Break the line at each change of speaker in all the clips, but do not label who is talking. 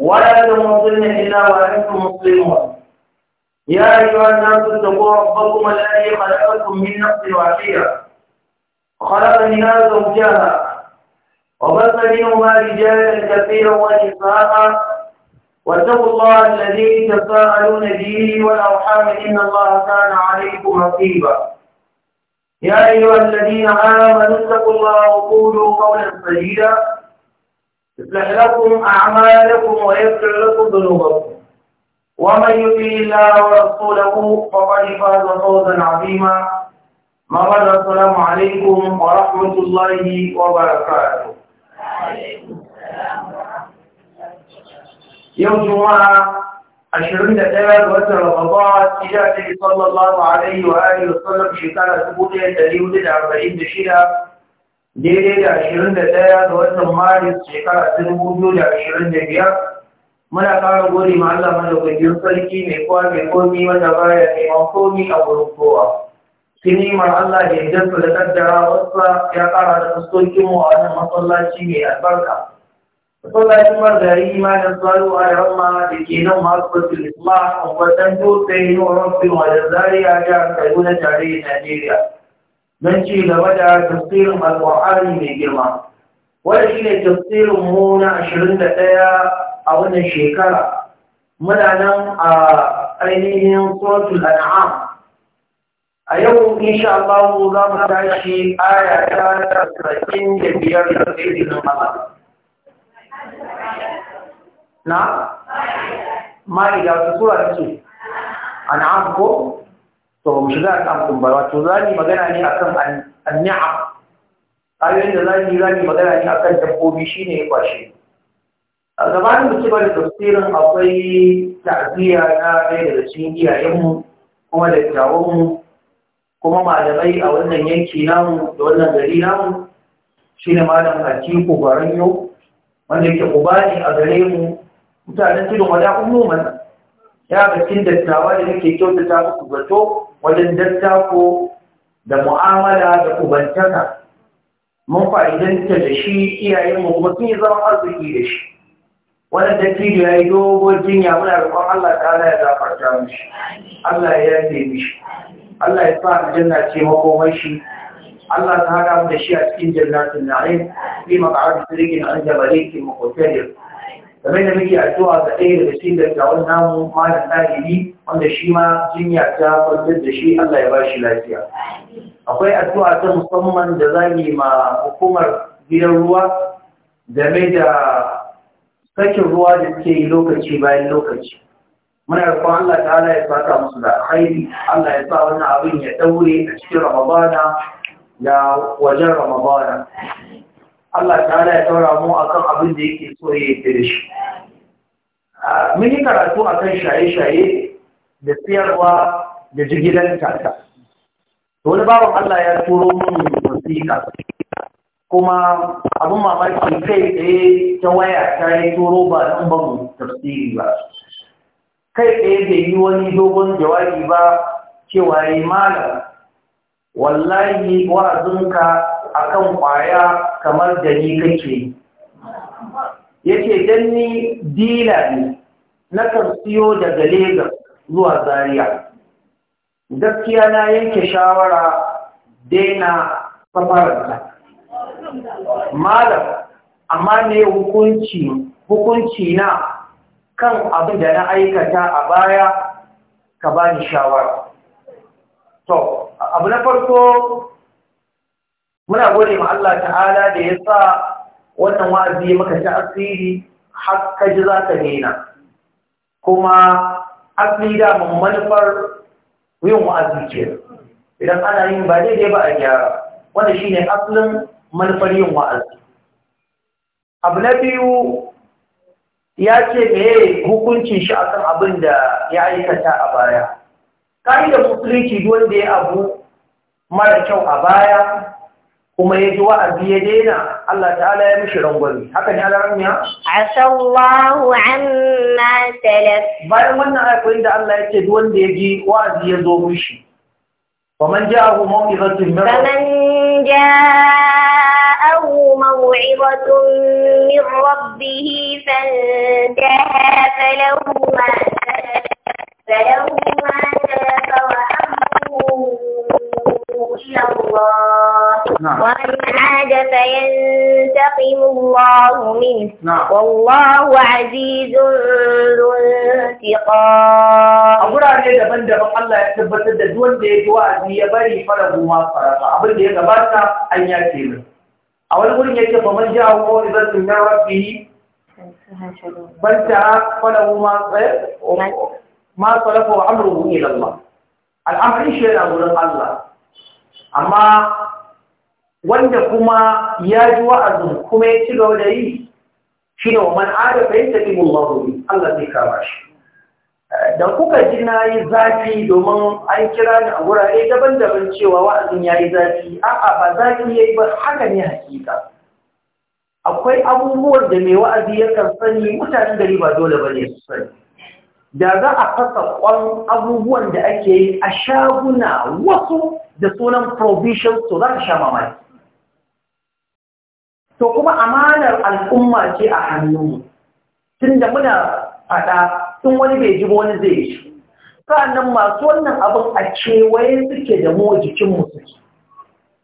ولا تموتن إلا وأنتم مسلمون يا أيها الناس اتقوا ربكم الذي خلقكم من نفس واحدة خلق منها زوجها وبث منهما رجالا كثيرا ونساء واتقوا الله الذي تساءلون به والأرحام إن الله كان عليكم رقيبا يا أيها الذين آمنوا اتقوا الله وقولوا قولا سديدا يصلح لكم أعمالكم ويغفر لكم ذنوبكم ومن يطع الله ورسوله فقد فاز فوزا عظيما مرحبا السلام عليكم ورحمة الله وبركاته يوم جمعة عشرين دقيقة وقت رمضان إجابة صلى الله عليه وآله وسلم شكرا سبوتها تليود الأربعين شيئا daidai da ashirin da ɗaya ga watan maris shekara ta dubu biyu da ashirin da biyar muna ƙara gode ma Allah madaukakin sarki mai kowa mai komi wanda baya neman komi a gurin kowa ma Allah da ya da kaddara wasa ya ƙara da fuskokin mu a wannan masallaci mai albarka masallacin margari imanin salo a yamma da ke nan masu isma a wajen dutse yi wa rafin wajen zariya jihar kaduna tarayyar najeriya don ci gaba da tafsirin alƙur'ani mai girma wanda shi ne tafsirin mu na ɗaya a wannan shekara muna nan a ainihin suratul an'am a yau insha Allah za mu tashi aya ta 35 da irin Allah na ma'ida su sura ta ce an'am ko to ba mu shiga a kan kumbara wato za ni magana ne a kan ayoyin da za ni za ni magana ne a kan dabbobi shi ne ya kwashe a gabanin da ci da tafsirin akwai ta'aziyya na ɗaya daga cikin iyayenmu kuma da kyawunmu kuma malamai a wannan yanki namu da wannan gari namu shi ne malam hakiku baranyo wanda yake uba ne a gare mu mutanen tudun wada kun noman ya ga cikin dattawa da nake kyautata muku zato wajen dattako da mu'amala da kubantaka mun fa'idanta da shi iyayen mu kuma sun yi zama arziki da shi wannan dattijo ya yi dogon jinya muna roƙon Allah ta'ala ya zafarta mishi Allah ya yi mishi Allah ya sa aljanna ce makomai shi Allah ta haɗa mu da shi a cikin jannatin na'in bi da na an jabare ki makotarin kamar da muke addu'a ga ɗaya daga cikin dattawan namu malam ɗalibi wanda shi ma jinya ta kwantar da shi Allah ya ba shi lafiya akwai addu'a ta musamman da za ma hukumar gidan ruwa game da sakin ruwa da suke yi lokaci bayan lokaci muna kwan Allah ta'ala ya saka musu da haini, Allah ya sa wani abin ya daure a cikin Ramadana da wajen Ramadana Allah ya taura mu kan abin da yake so ya da shi mun yi karatu akan shaye-shaye da siyarwa da jigilan tata wani babu Allah ya turo mun wasiƙa kuma abin mamakin kai tsaye ta waya ta yi turo ba don ban tafsiri ba kai tsaye bai yi wani dogon jawabi ba cewa yi malam wallahi wa'azinka akan kwaya kamar da ni kake yake dan ni dila ne na kan siyo daga Legas zuwa Zariya. Gaskiya na yanke shawara daina safararsa. Malam, amma ne hukunci, hukunci na kan abin da na aikata a baya ka ba ni shawara. To, abu na farko muna gode ma Allah ta'ala da ya sa wannan wa'azi muka ta asiri har ka ji za ka nena. Kuma asali daman manufar yin wa'azi ce idan ana yin ba daidai ba a gyara wanda shi ne asalin manufar yin wa'azi abu na biyu ya ce meye hukuncin shi a kan abin da ya aikata a baya da musulunci wanda ya abu mara kyau a baya kuma ya ji wa'azi ya daina Allah ta'ala ya mishi rangwani haka ne alaran ya
asallahu amma salaf bayan wannan ayatin da Allah ya ce
duk wanda ya ji wa'azi ya zo mishi faman ja'ahu maw'izatun min faman
ja'ahu maw'izatun min rabbih fantaha falahu ma falahu ma يخشى الله نعم. ومن عاد فينتقم الله منه نعم. والله عزيز ذو انتقام أقول أن يدبن
دبق الله يتبت الدون دي جوازي يبري فله ما فرق أبن دي قبارك أن يأتي منه أول قول يكي فمن جاء إذا سمع ربه فانتهى فله ما ما صرفه أمره إلى الله الأمر إيش يقول الله amma wanda kuma ya ji wa'azin kuma ya ci gaba da yi shi ne wa man'ada fahimta ɗin mahuri Allah zai kama shi da kuka ji na yi zafi domin an kira ni a wurare daban-daban cewa wa'azin ya yi zafi a'a ba zafi ya yi ba haka ne hakika akwai abubuwan da mai wa'azi ya kan sani mutanen gari ba dole ba ne su sani da za a fasa ƙwan abubuwan da ake yi a shaguna wasu da sunan provision to za ka sha mamaki. To kuma amanar al'umma ce a hannunmu, tun da muna fada tun wani bai ji wani zai yi ji. Sa'annan masu wannan abin a cewaye suke da mu jikinmu suke.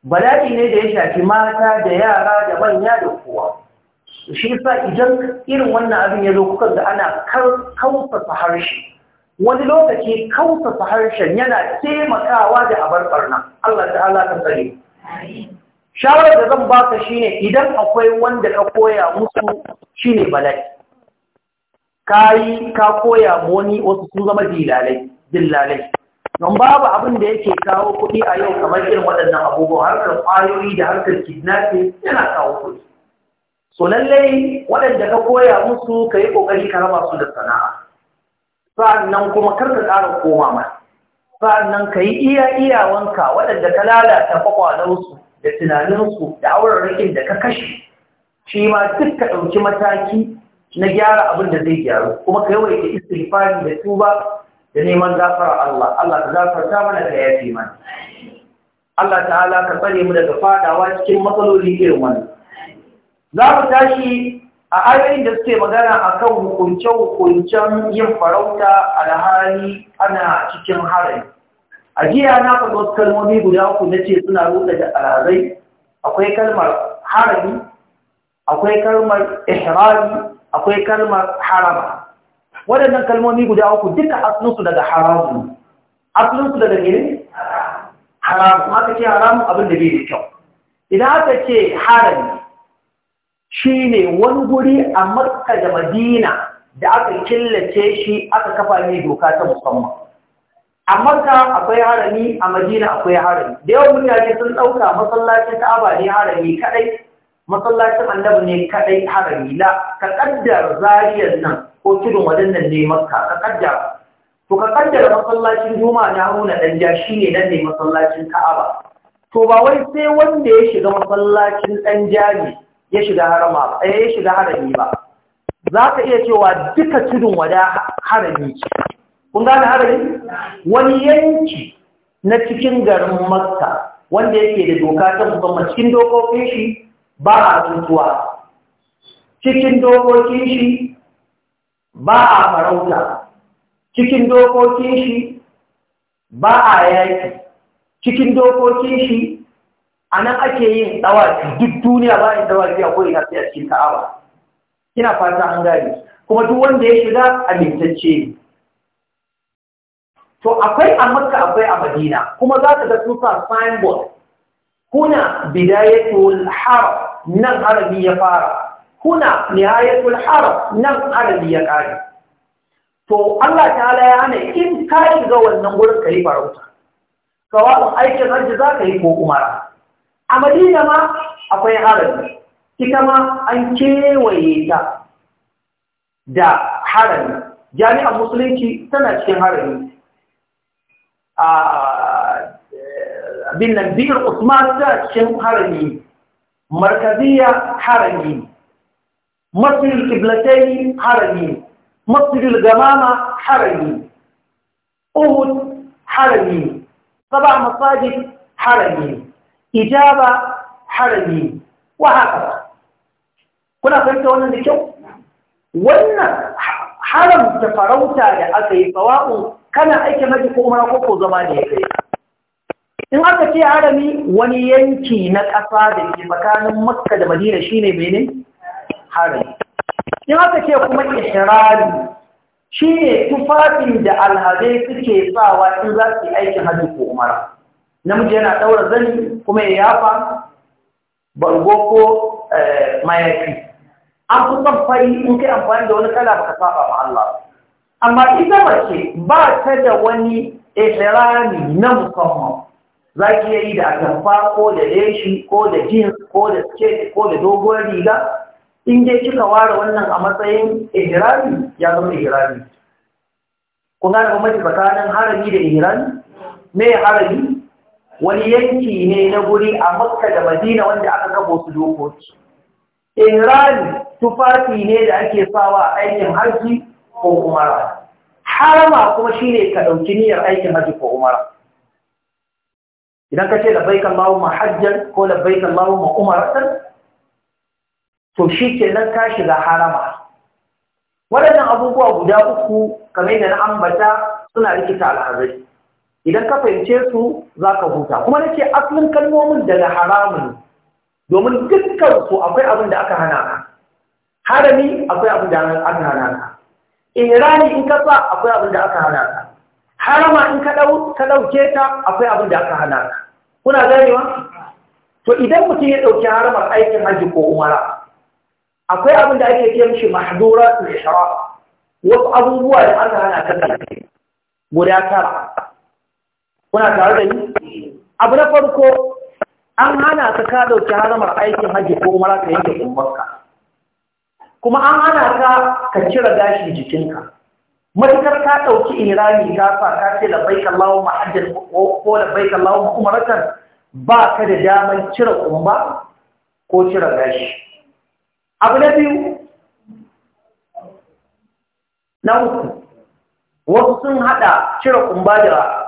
Bala'i ne da ya shafi mata da yara da manya da kowa. shi yasa idan irin wannan abin ya zo kuka ga ana kautata harshe wani lokaci kautata harshen yana taimakawa da abar barna Allah ta'ala kan tsare shawarar da zan baka shine idan akwai wanda ka koya musu shine bala'i kayi ka koya wani wasu sun zama dilalai dillalai don babu abin da yake kawo kuɗi a yau kamar irin waɗannan abubuwa harkar kwayoyi da harkar kidnapping yana kawo kuɗi so lallai waɗanda ka koya musu ka yi ƙoƙari ka raba su da sana'a sa'annan kuma kar ka ƙara koma mai sa'annan ka yi iya iyawanka waɗanda ka lalata su, da tunaninsu da auren rikin da ka kashe shi ma duk ka ɗauki mataki na gyara abin da zai gyaru kuma ka yawaita istighfari da tuba da neman gafara Allah Allah ka gafarta mana ka yafi mana Allah ta'ala ka tsare mu daga fadawa cikin matsaloli irin wannan za mu tashi a ayoyin da suke magana a kan hukunce-hukuncen yin farauta alhali ana cikin harin a jiya na faɗo su kalmomi guda uku na ce suna rute da alazai akwai kalmar harami akwai kalmar ihrami akwai kalmar harama waɗannan kalmomi guda uku duka asalinsu daga haramu asalinsu daga gini haramu haka ce haramu abin da bai da kyau idan aka ce harami shi ne wani guri a Makka da Madina da aka killace shi aka kafa ne doka ta musamman a Makka akwai harami a Madina akwai harami da yawan mutane sun ɗauka masallacin Ka'aba ne harami kaɗai? masallacin Annabi ne kaɗai harami la ka ƙaddar zariyar nan ko tudun wadannan ne Makka ka ƙaddar! to ka ƙaddar masallacin Juma'a na Haruna ɗan ja shine nan ne masallacin Ka'aba to ba wai sai wanda ya shiga masallacin ɗan ja ya shiga harama ba eh, ya shiga harami ba za ka iya cewa duka tudun wada harami ce kun gane harami wani yanki na cikin garin makka wanda yake da doka ta musamman cikin dokokin shi ba a tuntuwa cikin dokokin shi ba a farauta cikin dokokin shi ba a yaki cikin dokokin shi a nan ake yin tsawaci duk duniya ba yin tsawaci a ko'ina sai a cikin ka'aba ina fata an gane kuma duk wanda ya shiga amintacce ne to akwai a makka akwai a madina kuma za ka ga tuta signboard kuna bidayatul haram nan harami ya fara kuna nihayatul haram nan harami ya kare to Allah ta'ala ya hana in ka shiga wannan wurin ka farauta sawa'un aikin harji za ka yi ko umara a madina ma akwai harami ita ma an kewaye ta da harami jami'an musulunci tana cikin harami a eh, bin nan biyar usman tana cikin harami markaziya harami masjidul kiblatani harami masjidul gamama harami uhud harami saba masajid harami ijaba harami wa haka kuna fahimta wannan da kyau wannan haramta farauta da aka yi tsawa'u kana aiki maji ko umara ko ko zama ya kai in aka ce harami wani yanki na ƙasa da ke tsakanin makka da madina shine mene harami in aka ce kuma ihrami shine tufafin da alhazai suke sawa in za su yi aikin hajji ko umara namiji yana ɗaura zani kuma ya yafa bango ko eh, mayafi an fi son fari in kai amfani da wani kala baka saba ma Allah amma ita mace ba ta da wani ihrami na musamman za ki yi da atamfa ko da leshi ko da jin ko da skate ko da doguwar riga in je kika ware wannan a matsayin ihrami ya zama ihrami kun gane gwamnati tsakanin harami da ihrami me harami wani yanki ne na guri a makka da madina wanda aka kabo su dokoki iran tufafi ne da ake sawa aikin hajji ko umara harama kuma shine ka ɗauki niyyar aikin hajji ko umara idan ka ce kan Allahumma mahajjar ko labbaik Allahumma umaratan to shi ke nan ka shiga harama waɗannan abubuwa guda uku kamar da na ambata suna rikita al'azari idan ka fahimce su za ka huta kuma nake asalin kalmomin daga haramun domin dukkan su akwai abin da aka hana ka harami akwai abin da aka hana ka irani in ka sa akwai abin da aka hana ka harama in ka ɗauke ta akwai abin da aka hana ka kuna ganewa to idan mutum ya ɗauki haramar aikin hajji ko umara akwai abin da ake ce mishi mahdura ihram wasu abubuwa da aka hana ka guda tara kuna tare da ni abu na farko an hana ka ka dauki haramar aikin haji ko kuma ka yanke umarka kuma an hana ka ka cire gashin jikinka matukar ka dauki irani ka fa ka ce Allahu ma hajjal ko baika Allahu umratan ba ka da daman cire kumba ko cire gashi abu na biyu na uku wasu sun hada cire kumba da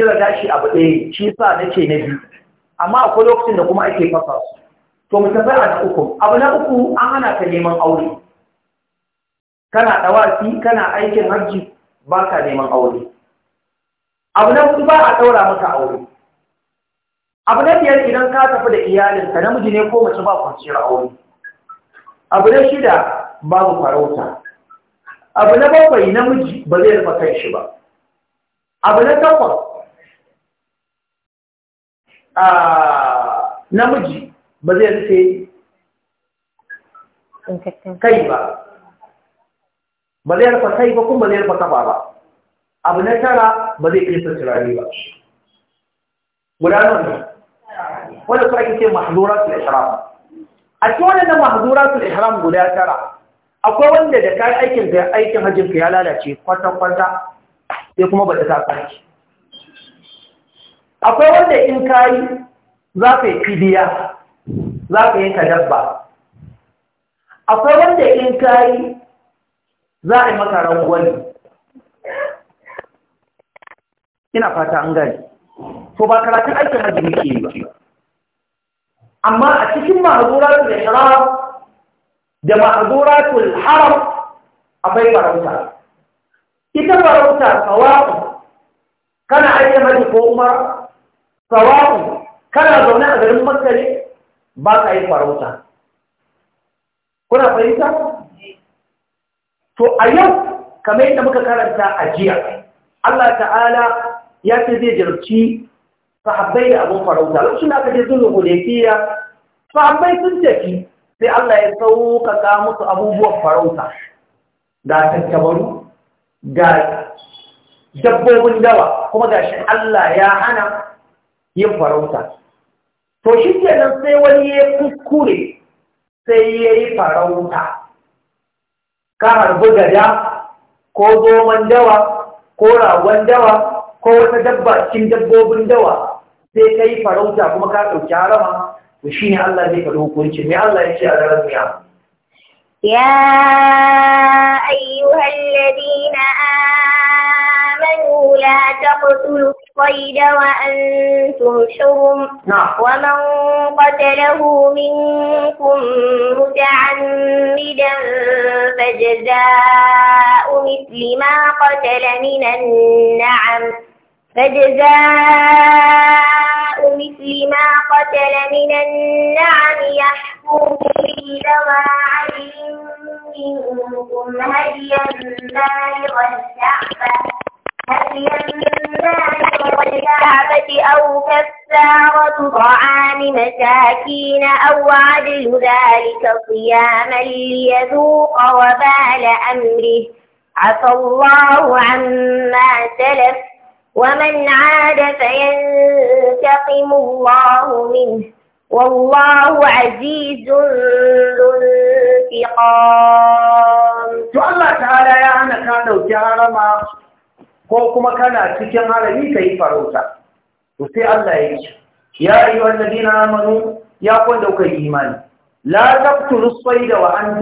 Kira gashi abu ɗaya shi sa na ce na biyu amma akwai lokacin da kuma ake fasa su to mu tafi a uku abu na uku an hana ka neman aure kana dawaki kana aikin hajji ba ka neman aure abu na hudu ba a ɗaura maka aure abu na biyar idan ka tafi da iyalinka namiji ne ko mace ba kwanciyar aure abu na shida babu farauta abu na bakwai namiji ba zai rufa kan shi ba abu na takwas namiji ba zai rufe kai ba ba zai rufe kai ba kuma ba zai rufe kafa ba abu na tara ba zai kirsa turare ba gudanar da wadda su ake ce su ihram a cikin wadannan su ihram guda tara akwai wanda da kayan aikin aikin hajjin ya lalace kwata-kwata sai kuma ba ta sa akwai wanda in kayi za ka yi fidiya za ka yanka dabba akwai wanda in kayi za a yi maka rangwani ina fata an gani to ba karatun aikin hajji muke yi ba amma a cikin ma'azuratul ihram da ma'azuratul haram akwai farauta ita farauta kawai kana aikin hajji ko Umar? sawa'u kana zaune a garin makka ne ba ka yi farauta kuna fahimta to a yau kamar yadda muka karanta a jiya Allah ta'ala ya ce zai jirci sahabbai da abin farauta lokacin da aka je zuwa hudefiya sahabbai sun tafi sai Allah ya sauƙaƙa musu abubuwan farauta ga tattabaru ga dabbobin dawa kuma gashi Allah ya hana yin farauta to shi kenan sai wani ya kuskure sai ya yi farauta ka harbi gada ko zoman dawa ko ragon dawa ko wata dabba cikin dabbobin dawa sai ka yi farauta kuma ka ɗauki harama to shi ne Allah zai ka hukunci mai Allah ya ce a daren miya. Ya
ayyuhal ladina آمنوا لا تقتلوا الصيد وأنتم حرم نعم. ومن قتله منكم متعمدا فجزاء مثل ما قتل من النعم فجزاء
مثل ما قتل من النعم
يحكم
به ذوى عدل
منكم هديا بالغ الكعبة أو كفارة طعام مساكين أو عدل ذلك صياما ليذوق وبال أمره عفى الله عما سلف ومن عاد فينتقم الله منه والله عزيز ذو انتقام. الله تعالى يا أنا كان لو جارما ko kuma kana cikin harami
ka yi farauta to sai Allah ya ce ya yi wannan na amanu ya kwanda kuka yi imani la taqtulu rusfai da wa’an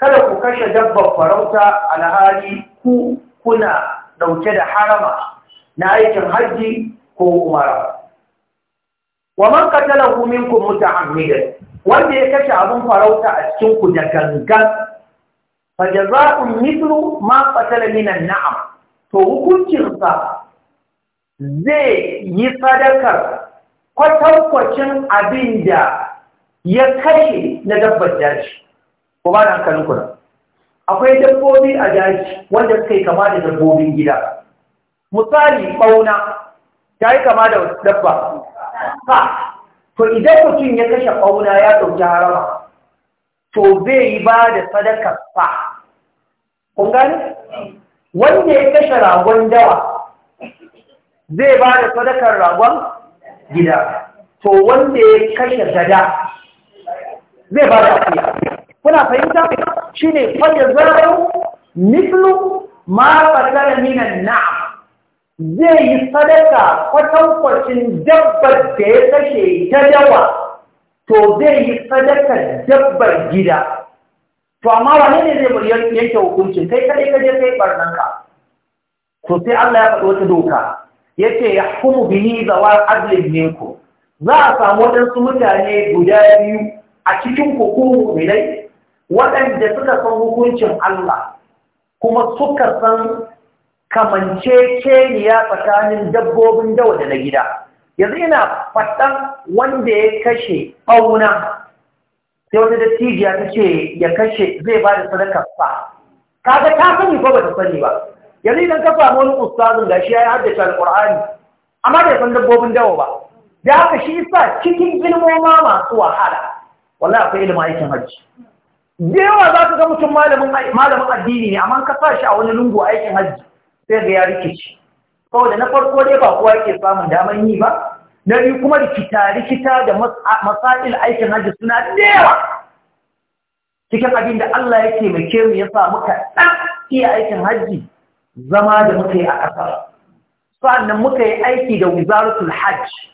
kada ku kashe dabbar farauta alhali ku kuna dauke da harama na aikin hajji ko umara wa man huminku muta muta'ammidan wanda ya kashe abin farauta a cikinku da gangan fa jazaa'un mithlu ma qatala minan na'am to hukuncinsa zai yi sadakar kwatankwacin abin da ya kashe na dabbar daji ko ba na hankalin akwai dabbobi a daji wanda suka yi kama da dabbobin gida misali ɓauna ta yi kama da dabba ha to idan mutum ya kashe ɓauna ya ɗauki harama to zai yi ba da sadakar fa kun gani wanda ya kashe ragon dawa zai ba da sadakar ragon gida to wanda ya kashe gada zai ba da akuya kuna fahimta shi ne fajar zarar mislu ma fasara minan na. zai yi sadaka kwatankwacin dabbar da ya kashe ta dawa to zai yi sadakar dabbar gida to amma wane ne zai yanke hukuncin kai kadai kaje kai barnan ka to sai Allah ya faɗi wata doka yace yahkumu bihi zawa adli minku za a samu waɗansu mutane guda biyu a cikin hukumu milai waɗanda suka san hukuncin Allah kuma suka san kamance kamanceceniya tsakanin dabbobin dawa da na gida yanzu ina faɗan wanda ya kashe ɓauna sai wata dattijiya ta ce ya kashe zai ba da sadakar sa kaga ta sani ko bata sani ba yanzu idan ka samu wani ustazin gashi ya yi haddace Alƙur'ani. amma bai san dabbobin dawo ba da haka shi sa cikin ilmoma masu wahala wallahi akwai ilimin aikin hajji yawa za ka ga mutum malamin addini ne amma ka sa shi a wani lungu aikin hajji sai ga ya rikici saboda na farko dai ba kowa yake samun damar yi ba na yi kuma rikita-rikita da masail aikin hajji suna da yawa cikin abin da Allah ya taimake mu ya samu muka iya aikin hajji zama da muka yi a ƙasar sa'annan muka yi aiki da wizaratul hajji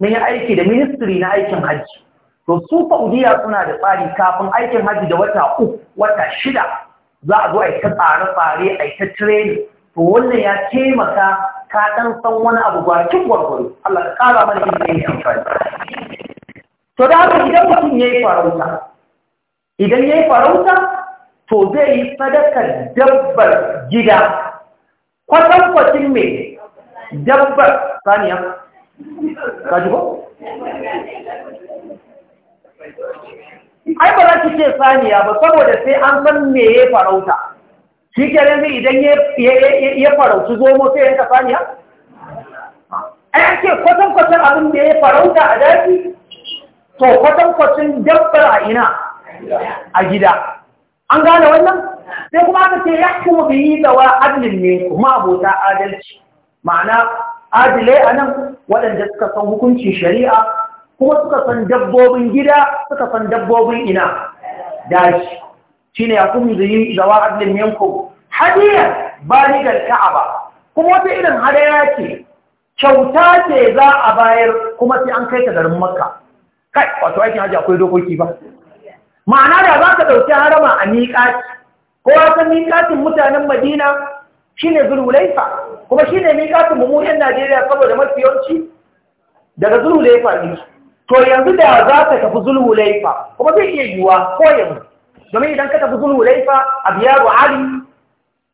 mun yi aiki da ministry na aikin hajji to su faudiya suna da tsari kafin aikin hajji da wata uku wata shida za a zo a yi ta tsare-tsare a yi ta training to wannan ya taimaka ka ɗan san wani abu ba duk gwargwaro Allah ka ƙara mana da ne amfani to da haka idan mutum ya yi farauta idan ya yi farauta to zai yi sadakar dabbar gida kwatankwacin mai dabbar saniya ka ji ba? ai ba za ki ce saniya ba saboda sai an san me ya yi farauta shi ke yanzu idan ya farauci zomo sai yanka saniya a yake kwatankwacin abin da ya farauta a daji to kwatankwacin dabbar a ina a gida an gane wannan sai kuma aka ce ya kuma yi gawa adalin ne kuma abota adalci ma'ana adilai a nan waɗanda suka san hukuncin shari'a kuma suka san dabbobin gida suka san dabbobin ina daji ne ya yakum zai zawa adlin yanko hadiya baligal ka'aba kuma wata irin hadaya ce kyauta ce za a bayar kuma sai an kai ta garin maka. kai wato aikin haji akwai dokoki ba ma'ana da za ka ɗauki harama a miƙaci kowa san miƙacin mutanen madina shine zululaifa kuma shine miƙacin mummunan najeriya saboda mafi yawanci daga zululaifa ne to yanzu da za ka tafi zululaifa kuma zai iya yiwuwa ko yanzu domin idan ka tafi zulu laifa a biyaru ali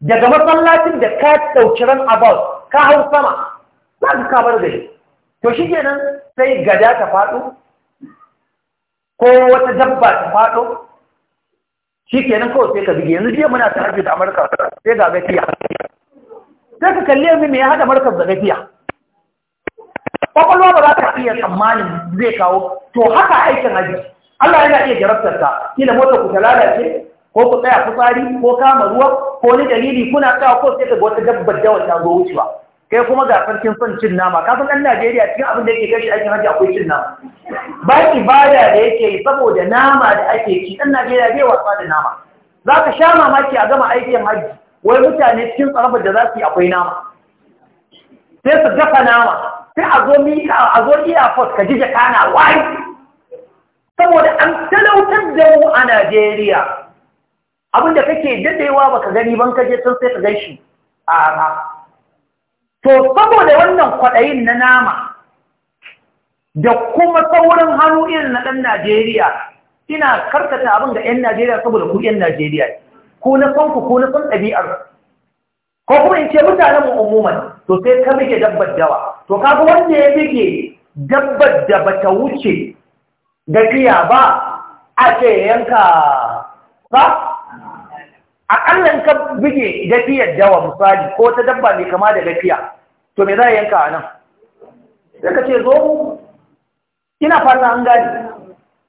daga masallacin da ka ɗauki ran about ka hau sama za ka kamar da shi to shi kenan sai gada ta faɗo ko wata dabba ta faɗo shi kenan kawai sai ka bige yanzu jiya muna ta hajji da amurka sai ga gafiya sai ka kalli yanzu me ya haɗa markar da gafiya Ƙwaƙwalwa ba za ka iya tsammanin zai kawo to haka aikin hajji Allah yana iya jarabtar ka kila mota ku ta lalace ko ku tsaya tsari, ko kama ruwa ko ni dalili kuna ka ko sai ka ga wata dabbar da wata ruwa wucewa kai kuma ga farkin son cin nama kafin ɗan Najeriya cikin abin da yake kai shi aikin hajji akwai cin nama ba Bada da yake yi saboda nama da ake ci ɗan Najeriya bai wasa da nama za ka sha mamaki a gama aikin hajji wai mutane cikin tsarabar da za su akwai nama sai su dafa nama sai a zo miƙa a zo iya fos ka ji jaka na wai saboda an talautar da mu a Najeriya abinda kake dadewa baka gani ban kaje sun sai ka gan shi a ba to saboda wannan kwaɗayin na nama da kuma saurin hannu irin na ɗan Najeriya ina karkata abin ga 'yan Najeriya saboda ku 'yan Najeriya ko na san ku ko na san ɗabi'ar ko kuma in ce mutanen mu umuman to sai ka bige dabbar dawa to kaga wanda ya bige dabbar da bata wuce da iya ba ake yanka ba ƙallon ka bige gafiyar wa misali ko ta dabba mai kama da gafiya to me za a yanka a nan sai ka ce zo ina fata an gani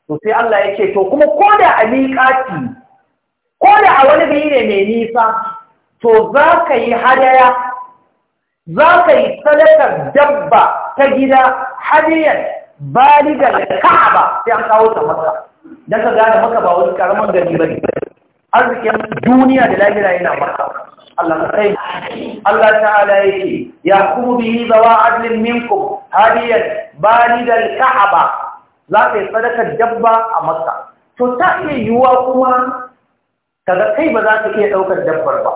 to sai Allah ya ce to kuma ko da a miƙati ko da a wani gari ne mai nisa to za ka yi hadaya za ka yi sadakar dabba ta gida hadiyar baligar ka'aba sai an kawo ta maka dan ka gane maka ba wani karaman gari bane arzikin duniya da lahira yana maka Allah sai Allah ta'ala yake ya kuma bihi zawa adlin minkum hadiyan baligar ka'aba za ka yi sadakar dabba a maka to ta iya yiwuwa kuma kaga kai ba za ka iya ɗaukar dabbar ba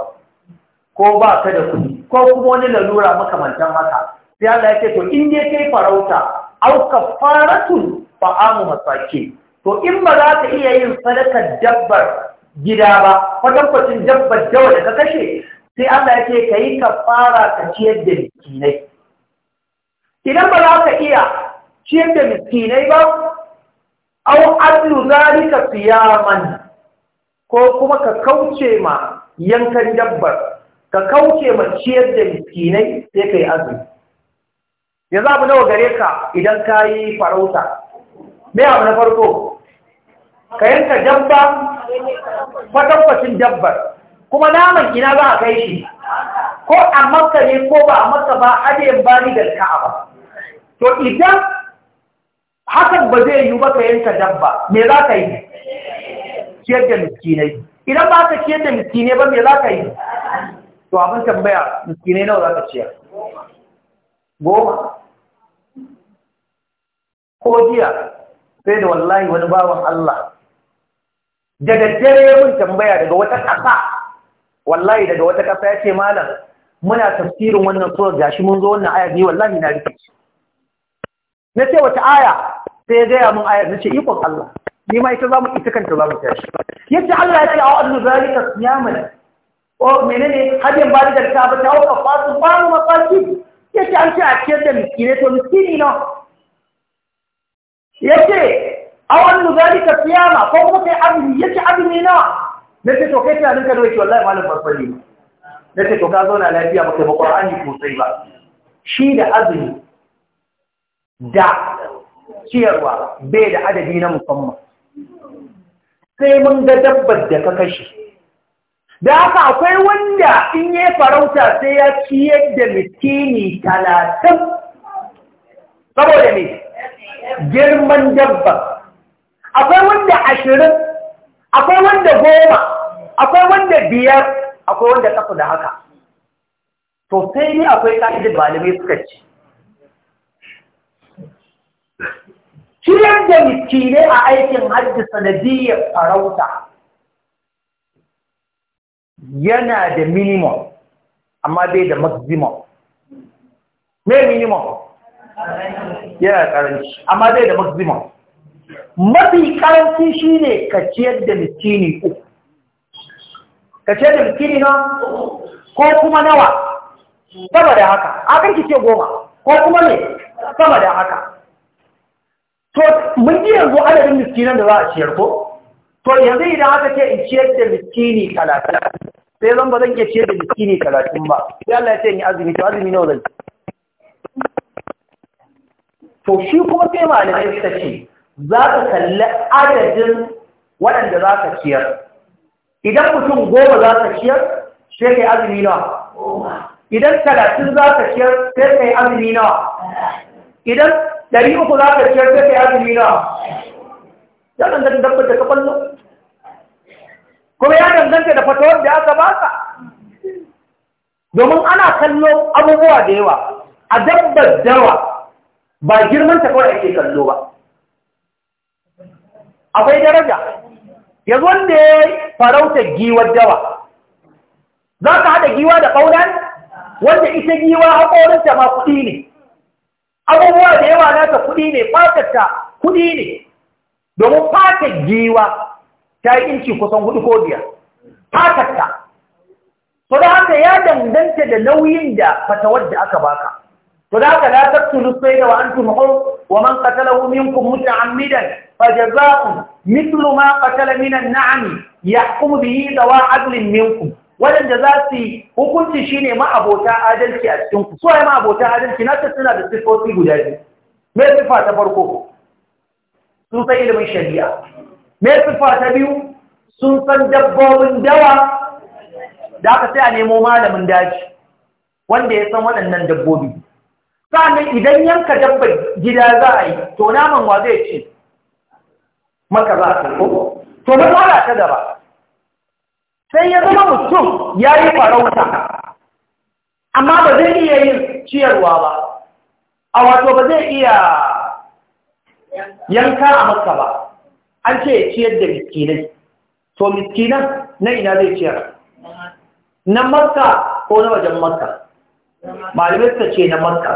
ko ba ka da kuɗi ko kuma wani lalura makamantan haka sai Allah ya ce to in dai kai farauta au kafaratun fa'amu masaki to in ba za ka iya yin sadakar dabbar gida ba kwatankwacin dabbar dawa da ka kashe sai Allah yake ce ka yi kafara ka ciyar da miskinai idan ba za ka iya ciyar da miskinai ba au ka zalika siyaman ko kuma ka kauce ma yankan dabbar ka kauce ma ciyar da miskinai sai ka yi azumi yanzu abu nawa gare ka idan ka yi farauta me abu na farko ka yanka dabba
fatanfacin
dabbar kuma naman ina za a kai shi ko a maka ne ko ba a maka ba ajiyin bari da ka'aba to idan hakan ba zai yi ba ka yanka dabba me za ka yi ciyar da miskinai idan ba ka ciyar da miskinai ba me za ka yi to abin tambaya miskinai nawa za ka ciyar goma ko jiya sai da wallahi wani bawan Allah da daddare mun tambaya daga wata ƙasa wallahi daga wata ƙasa ya ce malam muna tafsirin wannan sura gashi mun zo wannan ayar ne wallahi na rikici na ce wata aya sai ya gaya mun ayar na ce ikon Allah ni ma ita zamu ita kanta zamu tashi yace Allah ya ce a wa'adu zalika siyaman o oh, menene hadin ba da ta ba ta auka fasu ba mu mafaki ya ce a ciyar da miskine to miskini na ya ce a wani zari ka siyama ko kuma kai azumi ya ce azumi na na ce to kai tunanin ka da wake wallahi malam farfari na ce to ka zauna lafiya ba kai ba ƙwar'ani sosai ba shi da azumi da ciyarwa bai da adadi na musamman sai mun ga dabbar da ka kashe da haka akwai wanda in yi farauta sai ya ciyar da mutini talatin saboda ne girman dabba akwai wanda ashirin akwai wanda goma akwai wanda biyar akwai wanda kasu da haka to sai ne akwai ka'idar balibai suka ci. ciyar da miskine a aikin hajji sanadiyar farauta yana da minimum amma bai da maximum me minimum yana karanci amma bai da maximum mafi karanci shine ka ciyar da miskini uku ka ciyar da miskini na ko kuma nawa sama da haka akan ki ce goma ko kuma ne sama da haka to mun ji yanzu adadin miskinan da za a ciyar ko to yanzu idan aka ce in ciyar da miskini talatin sai zan ba zan iya ce da jiki ne karatun ba sai Allah ya ce in yi azumi to azumi nawa zan to shi kuma sai malamai suka ce za ka kalli adadin waɗanda za ka ciyar idan mutum goma za ka ciyar sai kai azumi nawa idan talatin za ka ciyar sai kai azumi nawa idan ɗari uku za ka ciyar sai kai azumi nawa ya ɗan dabbar da ka ballo kuma ya danganta da fatawar da aka baka domin ana kallo abubuwa da yawa a dabbar dawa ba girman ta kawai ake kallo ba akwai daraja yanzu wanda ya farauta giwar dawa za ka haɗa giwa da ƙaunar wanda ita giwa haƙorinta ma kuɗi ne abubuwa da yawa nata kuɗi ne fatarta kuɗi ne domin fatar giwa ta yi inci kusan hudu ko biyar fatarta to da haka ya danganta da nauyin da fatawar da aka baka to da haka la taqtulu sayda wa antum hur wa man qatalahu minkum muta'ammidan fajaza'un mithlu ma qatala min an-na'am yahkum bihi dawa adlin minkum za su hukunci shine ma'abota adalci a cikin ku so ai ma'abota adalci na ta suna da sifofi guda biyu me sifa ta farko sun sai ilimin shari'a me ta biyu sun san dabbobin dawa da aka sai a nemo malamin daji wanda ya san waɗannan dabbobi sa'annan idan yanka dabbar gida za a yi to naman wa zai ce maka za a karɓo to matsala ta gaba sai ya zama mutum ya yi farauta amma ba zai iya yin ciyarwa ba a wato ba zai iya yanka a maka ba an ce ya ciyar da miskinai to miskinan na ina zai ciyar na makka ko na wajen makka malamai suka ce na makka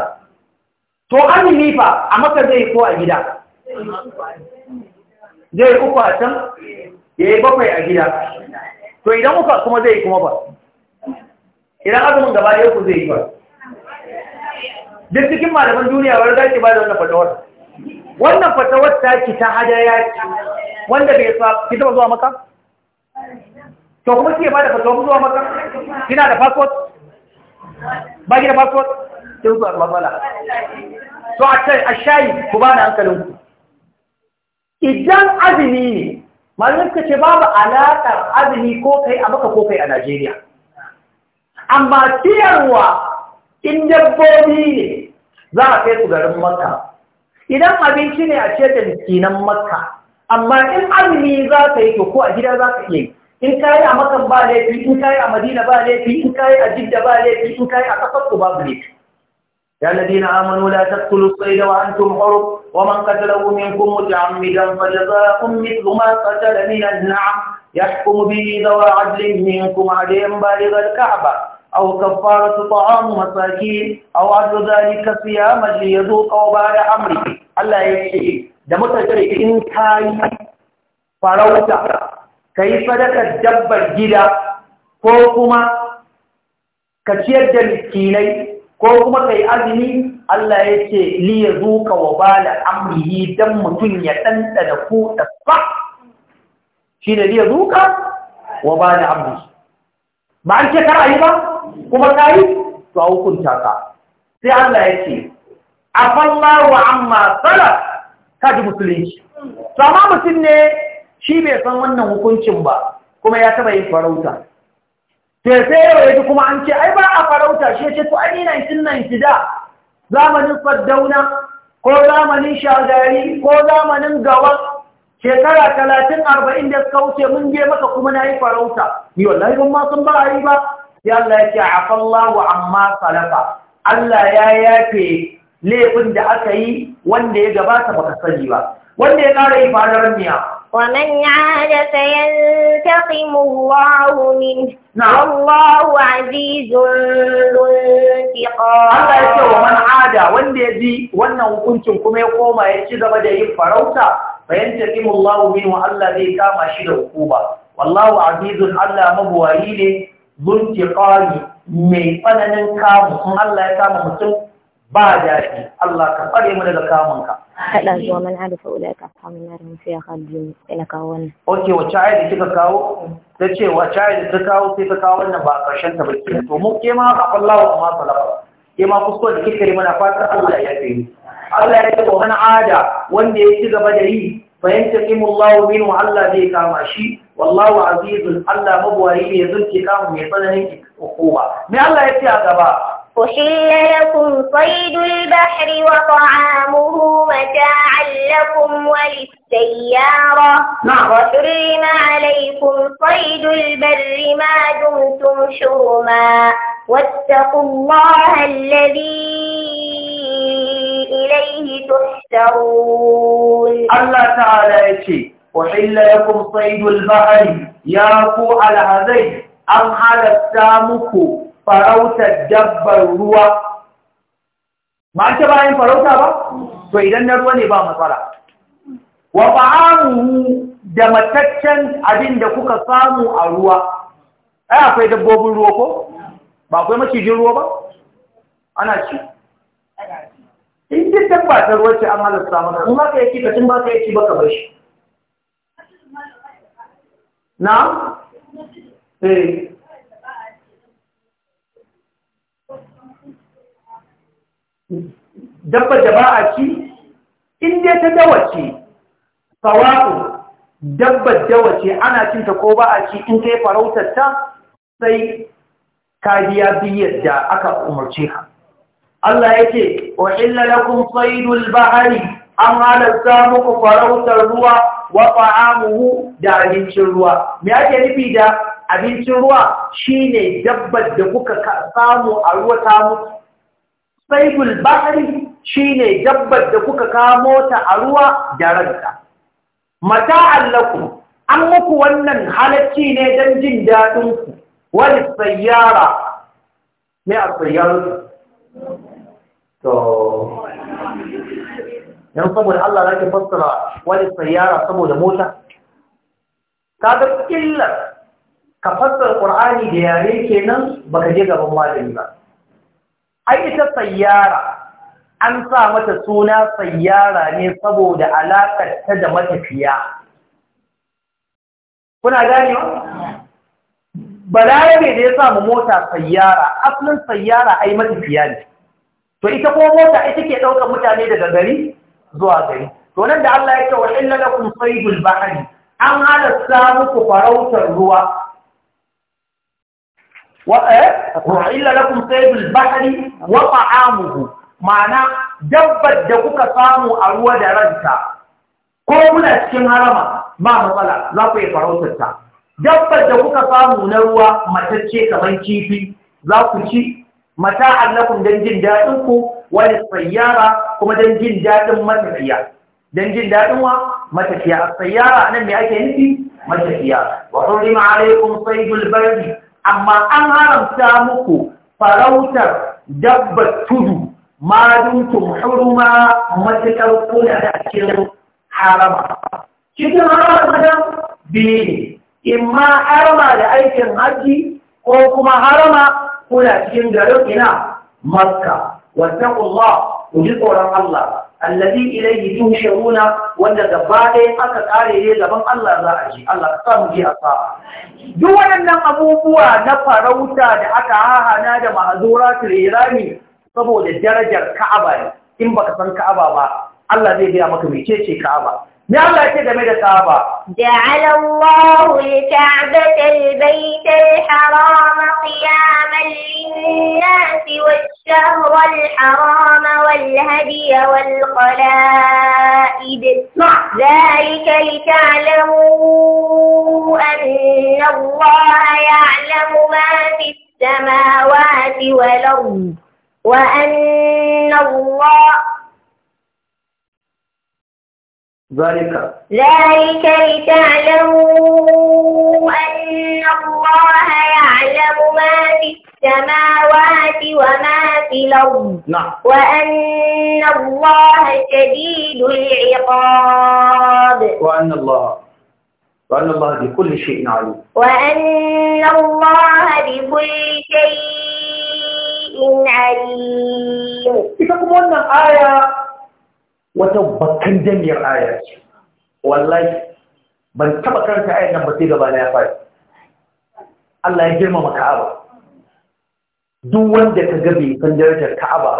to yi nifa a makka zai ko a gida zai uku a can ya yi bakwai a gida to idan uku kuma zai kuma ba idan azumin gaba da yau zai yi ba duk cikin malaman duniya wani zaki ba da wannan fatawar wannan fatawar ta ki ta hadaya wanda bai sa ki taba zuwa maka to kuma ki ba da zuwa maka kina da passport ba ki da passport sai zuwa matsala to a kai a shayi ku ba da hankalin ku idan azumi ne malamin ka ce babu alaƙar azumi ko kai a maka ko kai a Najeriya amma ciyarwa in dabbobi ne za a kai su garin makka idan abinci ne a ce da nan makka amma in azumi za ka yi ko a gida za ka yi in ka yi a makan ba laifi in ka yi a madina ba laifi in ka yi a jidda ba laifi in ka yi a ƙasar ku babu laifi ya ladina amanu la taqtulu da wa antum hur wa man qatalahu minkum mutaammidan fa jazaa'un mithlu ma qatala min an-na'am yahkumu bihi dawa 'adlin minkum 'adiyan baligh al-ka'bah aw kaffaratu ta'am masakin aw adlu dhalika siyama liyadhuqa wa ba'da amri allah yake da matsakar in ta yi farauta ka yi sadakar dabbar gida ko kuma ka ciyar da miskinai ko kuma ka yi azumi Allah ya ce Liya zuka wa da amrihi don mutum ya ɗanta da ku da ba shi da liya zuka wa da amrihi ba an ce kara yi ba kuma ka yi to a hukunta ka sai Allah ya ce fallawa amma salaf kaji musulunci to amma mutum ne shi bai san wannan hukuncin ba kuma ya taba yin farauta to sai yau yaji kuma an ce ai ba a farauta shi ce to ai 1990 da zamanin faddauna ko zamanin shagari ko zamanin gawa shekara talatin arba'in da suka wuce mun je maka kuma na yi farauta ni wallahi ban ma sun ba a yi ba Ya Allah ya ce afallahu amma salafa Allah ya yafe laifin da aka yi wanda ya gabata baka sani ba wanda ya kara yi farar miya
ومن عاد فينتقم الله منه والله عزيز ذو انتقام Allah ya ce wa man ada wanda
ya ji wannan hukuncin kuma ya koma ya ci gaba da yin farauta fa yantaqimu Allah minhu Allah zai kama shi da hukuma wallahu azizun Allah mabwayi ne dhul intiqam mai fananin kamu Allah ya kama mutum ba daɗi Allah ka tsare mu daga kamunka kada zuwa
man hada fa ulaika ashabun nar hum fiha khalidun ina kawo wannan wacce wace da kika kawo ta ce wace da ta
kawo sai ta kawo wannan ba karshen ta to mu ke ma Allahu ma salafa ke ma kusko da yi mana fatan Allah ya yi Allah ya ce wani ada wanda ya ci gaba da yi فينتقم الله منه الله ذي كما شيء والله عزيز الله مبواري يذل ba. Me Allah ya ce a gaba
أحل لكم صيد البحر وطعامه متاعا لكم وللسيارة نعم. وحرم عليكم صيد البر ما دمتم شرما واتقوا الله الذي إليه تحشرون الله تعالى
يشي أحل لكم صيد البحر يا على هذين أم على سامكم farautar dabbar ruwa ba ta bayan farauta ba to idan na ruwa ne ba matsala wa ba'amuhu da mataccen abin da kuka samu a ruwa ai akwai dabbobin ruwa ko ba akwai macijin ruwa ba ana ci in ji dabba ta ruwa ce an halatta mana in baka yake yi ka tun ba ka yi bar shi
na eh
dabba da ba a ci in dai ta dawace sawa'u dabba dawace ana cinta ko ba a ci in kai farautar ta sai ka biya biyar da aka umarce ka Allah yake wa illa lakum saydul bahari an halarta muku farautar ruwa wa fa'amuhu da abincin ruwa me ake nufi da abincin ruwa shine dabbar da kuka samu a ruwa ta mutu saibul bahari shi ne dabbar da kuka kamo ta a ruwa da ranta mata'an lakum an muku wannan halacci ne don jin daɗin ku wani sayyara me a sayyara to yan saboda Allah zaki fassara wani sayyara saboda mota Ta kaga illar ka fassara Qur'ani da yare kenan baka je gaban malami ba ai ita sayyara an sa mata suna sayyara ne saboda alaƙar ta da matafiya kuna gane wa? balarabe da ya samu mota sayyara asalin sayyara ai matafiya ne to ita ko mota ita ke ɗaukar mutane daga gari zuwa gari to nan da Allah ya ce wa lalakun lakum saydul bahri an halasta muku farautar ruwa wa'ila eh, lakum sayyidul bahri wa ta'amuhu ma'ana dabbar da kuka samu a ruwa da ranta ko kuna cikin harama ba matsala za ku yi farautar ta dabbar da kuka samu na ruwa matacce kamar kifi za ku ci mata allakun don jin daɗin ku wani sayyara kuma don jin daɗin matafiya don jin daɗin wa matafiya sayyara nan me ake nufi matafiya wa hurrima alaikum saydul bardi amma an haramta muku farautar dabbar tudu ma duntum hurma matakar kuna da cikin harama cikin harama da biyu ne imma harama da aikin haji ko kuma harama kuna cikin garin ina makka wata Allah ku ji tsoron Allah allazi ilayhi tuhsharuna wanda gaba aka kare ne gaban Allah za a ji Allah ka mu ji asa! duk waɗannan abubuwa na farauta da aka hahana da ma'azura tirirani saboda darajar Ka'aba ne in baka san Ka'aba ba Allah zai biya maka mecece Ka'aba Da الله كده مدى كعبة
جعل الله الكعبة البيت الحرام الشهر الحرام والهدي والقلائد نعم. ذلك لتعلموا أن الله يعلم ما في السماوات والأرض وأن الله ذلك ذلك لتعلموا أن الله يعلم ما في السماوات وما في الأرض نعم وأن الله شديد العقاب
وأن الله وأن الله بكل شيء عليم
وأن الله بكل شيء عليم إذا قلنا آية
وتبقى جميع آيات والله من تبقى الآية ayan nan الله sai gaba duk wanda ka ga bai san darajar Ka'aba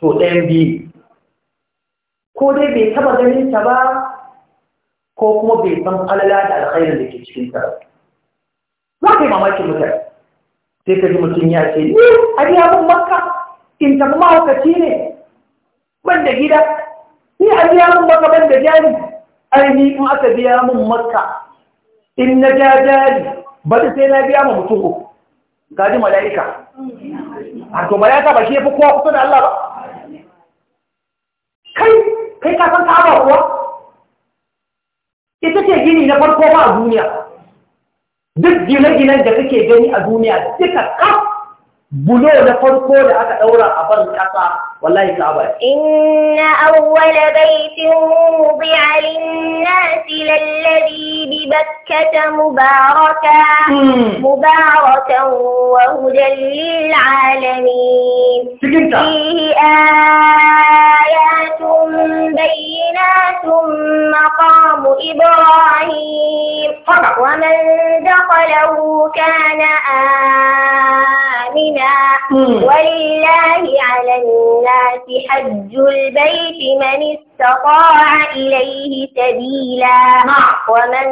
to ɗayan biyu ko dai bai taba ganin ta ba ko kuma bai san alala da alkhairin da ke cikin ta ba kai mamakin mutane sai ka ji mutum ya ce ni a biya mun makka in tafi mahaukaci ne ban da gida ni a biya mun makka ban da jari aini in aka biya mun makka in na ja jari ba sai na biya ma mutum uku gaji mala'ika a to mala'ika ba shi ya fi kowa kusa da Allah ba kai kai ka san kuwa ita ce gini na farko ba a duniya duk gine-ginen da kake gani a duniya duka kaf بلو لقد قول أكا أورا أبن أكا والله إذا أبن
إن أول بيت موضع للناس للذي ببكة مباركا مباركا وهدى للعالمين فيه آيات بينات مقام إبراهيم ومن دخله كان آمنا ولله على الناس حج البيت من استطاع إليه سبيلا نعم. ومن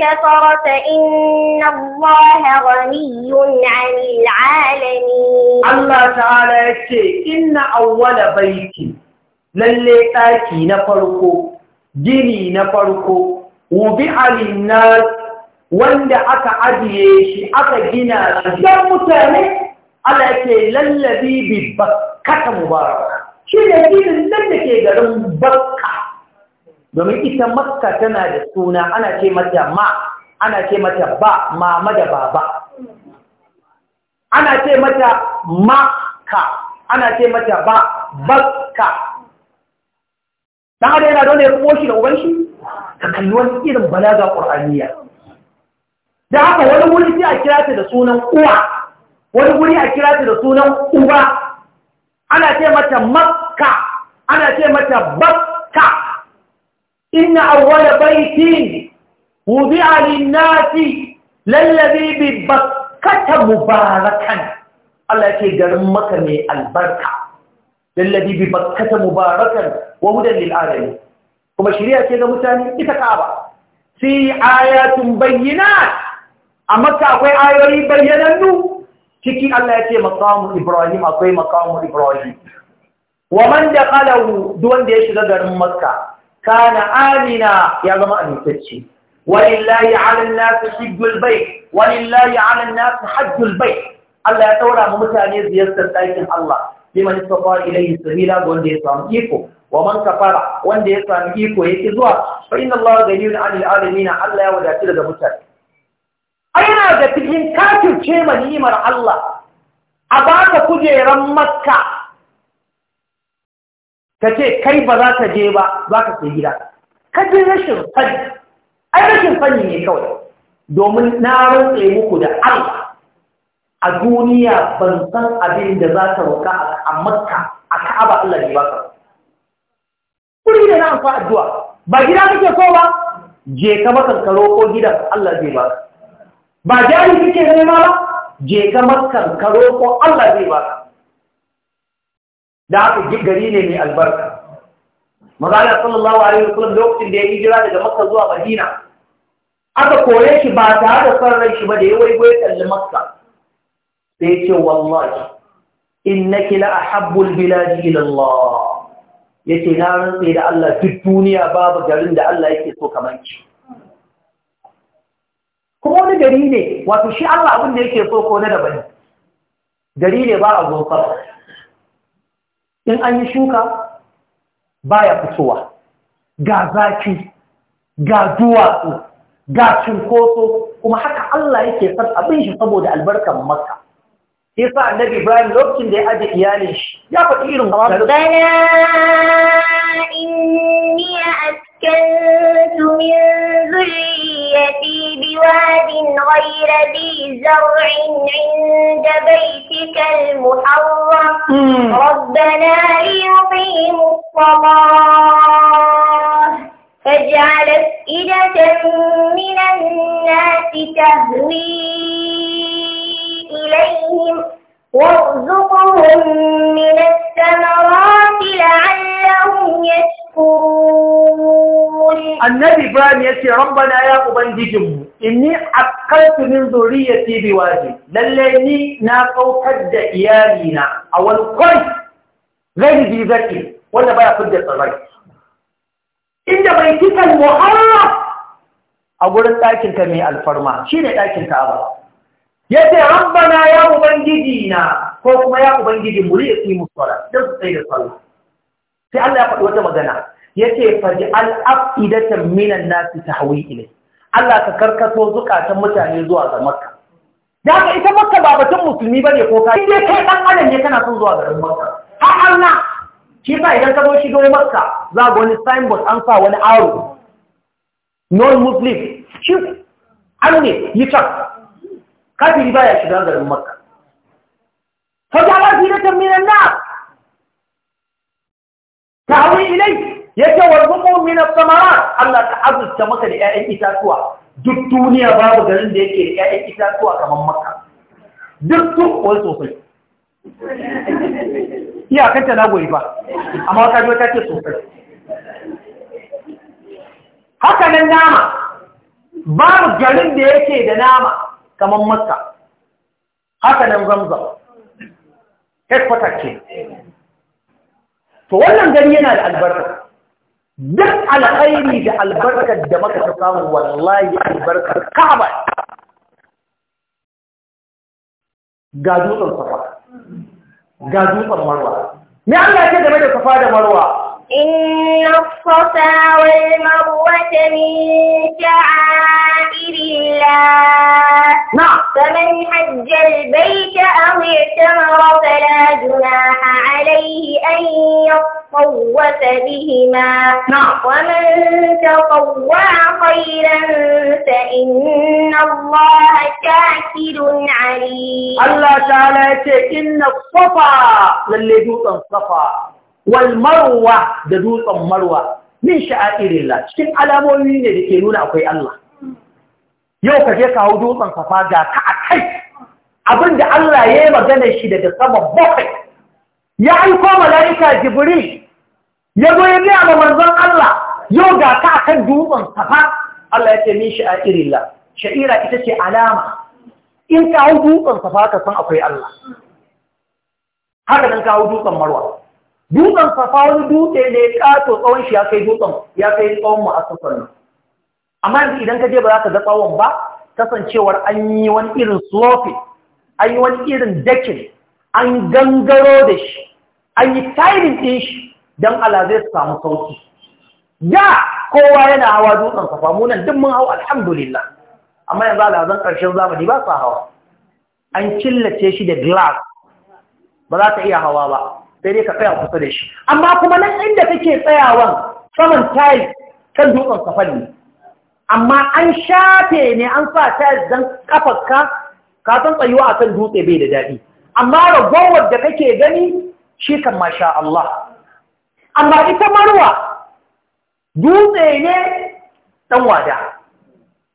كفر فإن الله غني عن العالمين
الله تعالى يقول إن أول بيت للي تاكي جني gini na للناس wubi alinnas wanda aka ajiye shi aka Allah yake lallabi bi bakkata mubaraka shi ne gidan nan da ke garin bakka domin ita makka tana da suna ana ce mata ma ana ce mata ba mama da baba ana ce mata makka ana ce mata ba bakka dan adai na dole ya kuma shi da uban shi ka kalli wani irin balaga qur'aniya da haka wani wuri sai a kira ta da sunan uwa wani guri a kira da sunan uba ana ce mata makka ana ce mata bakka inna awwala baiti wudi'a lin-nasi lallabi bi bakkata mubarakan Allah ce garin maka mai albarka lallabi bi bakkata mubarakan wa hudan lil kuma shari'a ce ga mutane ita ka'aba sai ayatun bayyinat a makka akwai ayoyi bayyanannu ciki Allah ya ce maqamu Ibrahim akwai maqamu Ibrahim wa man daqalahu duk wanda ya shiga garin Makka kana amina ya zama amintacce walillahi 'ala an-nasi hajjul bait walillahi 'ala an-nasi hajjul bait Allah ya daura mu mutane ziyartar ɗakin Allah liman istafa ilayhi sabila wanda ya samu iko wa man kafara wanda ya samu iko yake zuwa fa inna Allah ghaniyun 'anil 'alamin Allah ya wadata daga mutane aina da cikin ce ma ni'imar Allah a baka kujeran makka ka ce kai ba za ka je ba za ka sai gida ka je rashin fanni, ai rashin fanni ne kawai domin na rantse muku da Allah a duniya ban san abin da za ta roƙa a makka a ka'aba Allah ne ba ka kuri da na amfa addu'a ba gida kake so ba je ka maka ko gidan Allah zai ba ka ba jari kake nema ba je ka makkan ka Allah zai ba ka da haka gari ne mai albarka magana sallallahu alaihi sallam, lokacin da ya jira daga makka zuwa madina aka kore shi ba tare da farar shi ba da ya waigo ya kalli makka sai ce wallahi innaki la ahabbul biladi ila Allah yace na rantse da Allah duk duniya babu garin da Allah yake so kamar ki gari ne wato shi Allah abin da yake so ko na daban ne gari ne ba a zofa in an yi shuka ba ya fitowa ga zaki, ga duwatsu ga cinkoso kuma haka Allah yake san abin shi saboda albarkan makka sai sa annabi Ibrahim lokacin da ya aje iyalin shi ya faɗi irin rabbana
inni askantu min zuri. يأتي بواد غير ذي زرع عند بيتك المحرم ربنا ليقيموا الصلاة فاجعل أفئدة من الناس تهوي إليهم وارزقهم من الثمرات لعلهم يشكرون النبي بان يتي ربنا
يا أبنجم إني أقلت من ذريتي بواجب للني ناقو قد إيالينا أو القرش غير ذي ذكي ولا بقى قد الطريق إن بيتك المحرم أقول لك أنت مي الفرما شيء لك أنت أبغى ya ce rabbana ya ubangiji na ko kuma ya ubangiji muri ya ƙi musala don su tsaye da sallah sai Allah ya faɗi wata magana ya ce faji al'afidatan minan nasu ta hawi ilai Allah ka karkato zukatan mutane zuwa ga makka da ka ita makka ba batun musulmi bane ko ka inda kai ɗan adam ne kana son zuwa garin makka har Allah shi sa idan ka zo shigo makka za ga wani signboard an sa wani aro non muslim shi an ne yi can kafiri baya shiga garin makka fajala zinatan minan ta tawi ilai yake warzuqu min ath samara. Allah ta azurta maka da 'ya'yan itatuwa duk duniya babu garin da yake da 'ya'yan itatuwa kamar makka duk tun wani sosai iyakanta na goyi ba amma ka ji wata ce sosai haka nan nama babu garin da yake da nama kamar makka haka nan zamzam headquarter ce to wannan gari yana da albarka duk alkhairi da albarkar da maka ta samu wallahi albarkar ka'aba ga dutsen safa ga dutsen marwa me Allah ya ce game da safa da marwa
إن الصفا والمروة من شعائر الله نعم فمن حج البيت أو اعتمر فلا جناح عليه أن يطوف بهما نعم ومن تطوع خيرا فإن الله شاكر عليم الله تعالى إن الصفا
للي دوت الصفا
Walmarwa
da dutsen marwa min la cikin alamomi ne da ke nuna akwai Allah yau kaje je ka hau dutsen safa ga ka a kai abinda Allah ya yi magana shi daga sama bakwai ya aiko mala'ika jibril ya zo ya gaya ma manzon Allah yau ga ka akan dutsen safa Allah ya ce min la. sha'ira ita ce alama in ka hau dutsen safa ka san akwai Allah haka nan ka hau dutsen marwa dutsen sa wani dutse ne kato tsawon shi ya kai dutsen ya kai tsawon mu a sassan nan amma yanzu idan ka je ba za ka ga tsawon ba kasancewar an yi wani irin sloping, an yi wani irin dakin an gangaro da shi an yi tiling ɗin shi don ala zai samu sauki ya kowa yana hawa dutsen sa famu nan duk mun hau alhamdulillah amma yanzu zan ƙarshen zamani ba sa hawa an killace shi da glass ba za ta iya hawa ba sai dai ka tsaya kusa da shi amma kuma nan inda kake tsayawan saman tiles kan dutsen safari ne amma an shafe ne an sa tiles don kafarka ka san tsayuwa a kan dutse bai da daɗi amma ragowar da kake gani shi kan masha Allah amma ita marwa dutse ne ɗan wada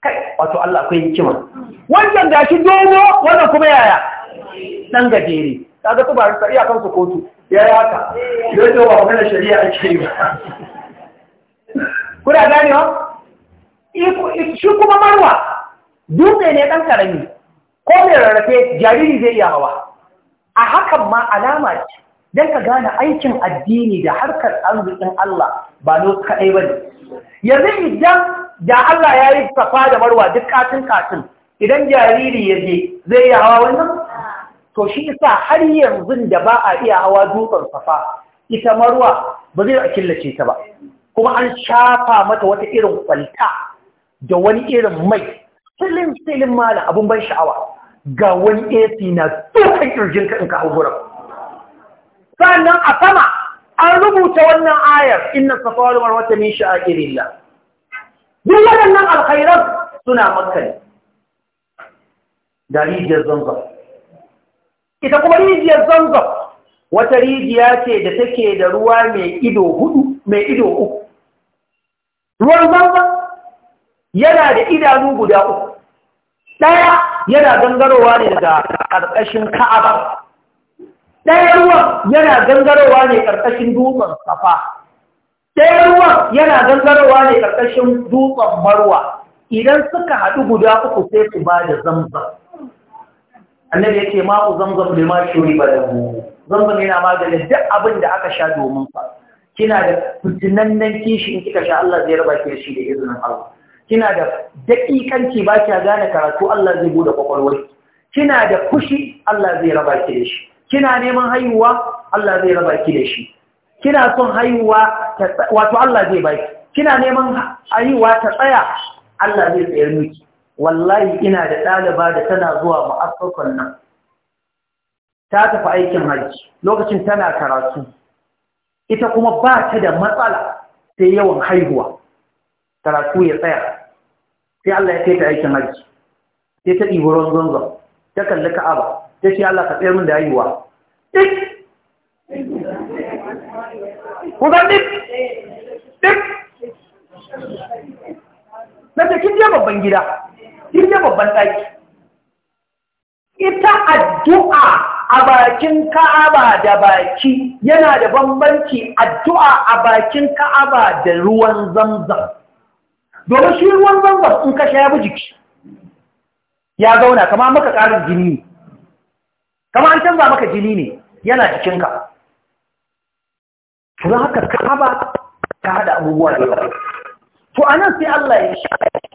kai wato Allah akwai hikima wannan gashi dogo wannan kuma yaya ɗan gajere kaga tubarin sariya kansu kotu ya yi haka yau ce ba wani shari'a ake yi ba kuna gani wa? shi kuma marwa dutse ne ɗan ƙarami ko mai rarrafe jariri zai iya hawa a hakan ma alama ce don ka gane aikin addini da harkar arzikin Allah ba no kaɗai ba ne yanzu idan da Allah ya yi safa da marwa duk katin katin idan jariri ya je zai iya hawa wannan to shi isa har yanzu da ba a iya hawa dutsen safa ita marwa ba zai a killace ta ba kuma an shafa mata wata irin kwalta da wani irin mai silin silin mana abun ban sha'awa ga wani AC na dukan kirjin ka in ka hau sannan a sama an rubuta wannan ayar inna safa wal marwa min sha'irillah duk waɗannan alkhairan suna makka ne da rijiyar zanzan ita kuma rijiyar zanzan wata rijiya ce da take da ruwa mai ido hudu mai ido uku ruwan zanzan yana da idanu guda uku ɗaya yana gangarowa ne daga ƙarƙashin ka'aba ɗaya ruwan yana gangarowa ne ƙarƙashin dutsen safa ɗaya ruwan yana gangarowa ne ƙarƙashin dutsen marwa idan suka haɗu guda uku sai su ba da zanzan annabi yake ma'u zamzam ma lima shuriba lahu zamzam yana maganin duk abin da aka sha domin fa. kina da fitinannen kishi in kika sha Allah zai raba ki da shi da izinin Allah kina da dakikanci ba kya gane karatu Allah zai bude kwakwalwarki kina da fushi Allah zai raba ki da shi kina neman haihuwa Allah zai raba ki da shi kina son haihuwa wato Allah zai baki kina neman haihuwa ta tsaya Allah zai tsayar miki wallahi ina da ɗaliba da tana zuwa ma'asakon nan ta tafi aikin hajji lokacin tana karatu ita kuma ba ta da matsala sai yawan haihuwa karatu ya tsaya sai Allah ya kai ta aikin hajji sai ta ɗi wurin zanzan ta kalli ka'aba ta ce Allah ka tsaye min da haihuwa duk
ku zan duk duk
na kin je babban gida je babban ɗaki ita addu'a a bakin ka'aba da baki yana da bambanci addu'a a bakin ka'aba da ruwan zamzam domin shi ruwan zamzam in ka sha yabi jiki ya zauna kama maka ƙarin jini ne kama an canza maka jini ne yana cikinka tun haka ka'aba ka haɗa abubuwa da yawa to anan sai Allah ya shi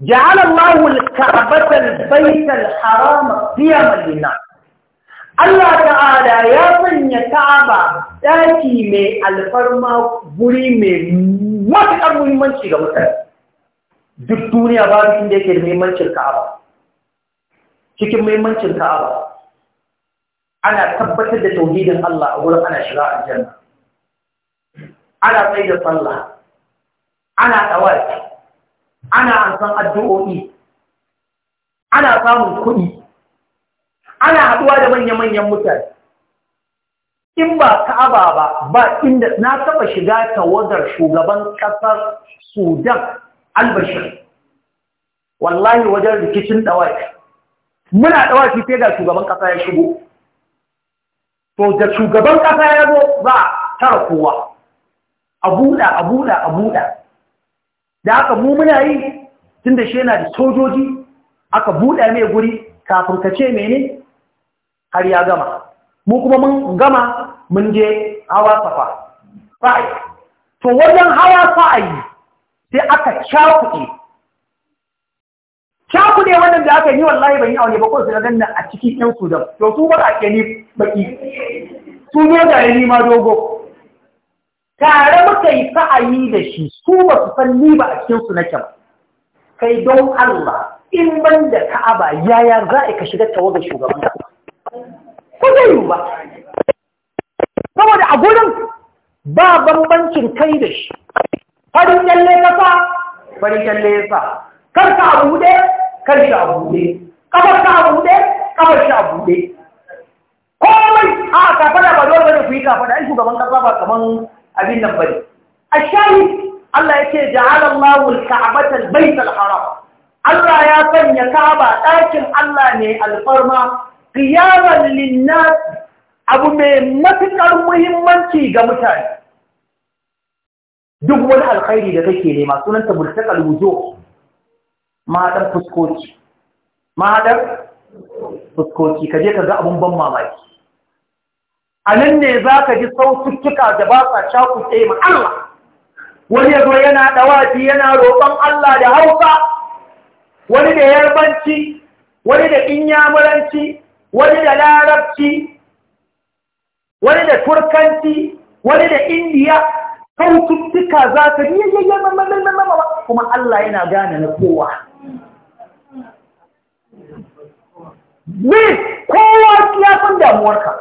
جعل الله الكعبة البيت الحرام في للناس الله تعالى يا من يتعب داكي من الفرما بري من وقت أمو من شيء غمتر دكتوني أبابي إن ديك الميمان شلكعبة شك الميمان شلكعبة أنا ثبت لتوهيد الله أقول أنا شراء الجنة أنا قيد الله أنا توالك ana san addu'o'i ana samun kuɗi ana haɗuwa da manya-manyan mutane in ba ka'aba ba ba inda na taɓa shiga tawagar shugaban ƙasar sudan albashir wallahi wajen rikicin ɗawafi muna ɗawafi sai ga shugaban ƙasa ya shigo to da shugaban ƙasa ya zo ba tara kowa a buɗa a buɗa a buɗa da aka mu muna yi tun da shi yana da sojoji aka buɗa mai guri kafin ka ce mene har ya gama mu kuma mun gama mun je hawa safa fa'ai to wajen hawa fa'ai sai aka cakuɗe cakuɗe wannan da aka yi wallahi ban yi aure ba ko su ga nan a cikin yan sudan to su ba a ke ni baki su zo da ni ma dogo tare muka yi sa'ayi da shi su ba su san ba a cikinsu na nake ba kai don Allah in ban da Ka'aba yaya za a ka shiga tawaga shugaban ka ko zai yi ba saboda a gurin ba bambancin kai da shi farin kyalle ya sa farin kyalle ya sa kar ka abu kar shi abu ɗaya kafar ka abu ɗaya kafar shi abu ɗaya komai a da ba dole ne ku yi da. ai shugaban kasa ba kaman abin nan bane a shayi Allah yake ja'ala Allahu al-ka'bata al haram Allah ya sanya Ka'aba ɗakin Allah ne alfarma qiyaman lin-nas abu mai matukar muhimmanci ga mutane duk wani alkhairi da kake nema sunanta murtakal wujo mahadar fuskoki mahadar fuskoki kaje ka ga abun ban mamaki a nan ne za ka ji saututtuka da ba sa cakuɗe ma Allah wani ya zo yana ɗawafi yana roƙon Allah da hausa wani da yarbanci wani da inyamuranci wani da larabci wani da turkanci wani da indiya saututtuka za ka yi kuma Allah yana gane na kowa ne kowa ya san damuwarka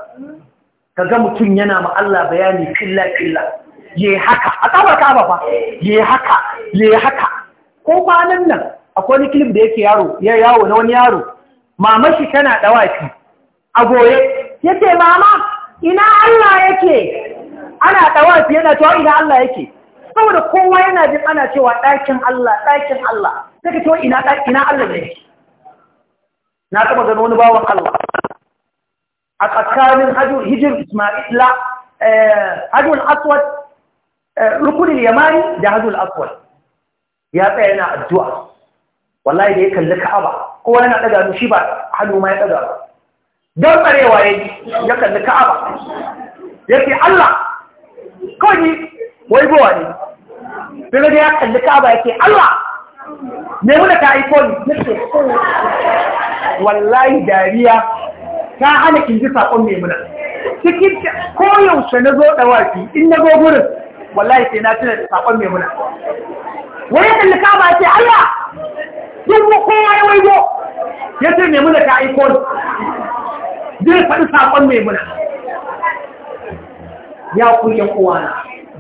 ka ga mutum yana ma'alla Allah bayani filla-filla ya haka a tsabaka ba ba ya haka ya haka ko kwanan nan akwai wani kilif da yake yaro ya yawo na wani yaro mama shi tana dawaki a goye ya ce mama ina Allah yake ana dawaki yana cewa ina Allah yake saboda kowa yana jin ana cewa ɗakin Allah ɗakin Allah sai ka cewa ina Allah yake na taba gano wani bawan Allah أكثر من هجر هجر إسماعيل لا هجر آه، الأسود آه، ركن اليماني ده هجر الأسود يا بينا الدعاء والله يديك لك أبا هو أنا أدعى نشيبا حلو ما يدعى دون ما يواري يديك لك أبا يكي الله كوني ويبواني بما يديك لك أبا يكي الله نمونك ايفون نعم. والله داريا ta hana in ji saƙon maimuna cikin koyaushe na zo ɗawafi in na zo gurin wallahi sai na tuna da saƙon mai maimuna wani kalli ba ce Allah duk kowa ya waigo ya ce maimuna ta aiko zai faɗi saƙon mai maimuna ya kuyan uwana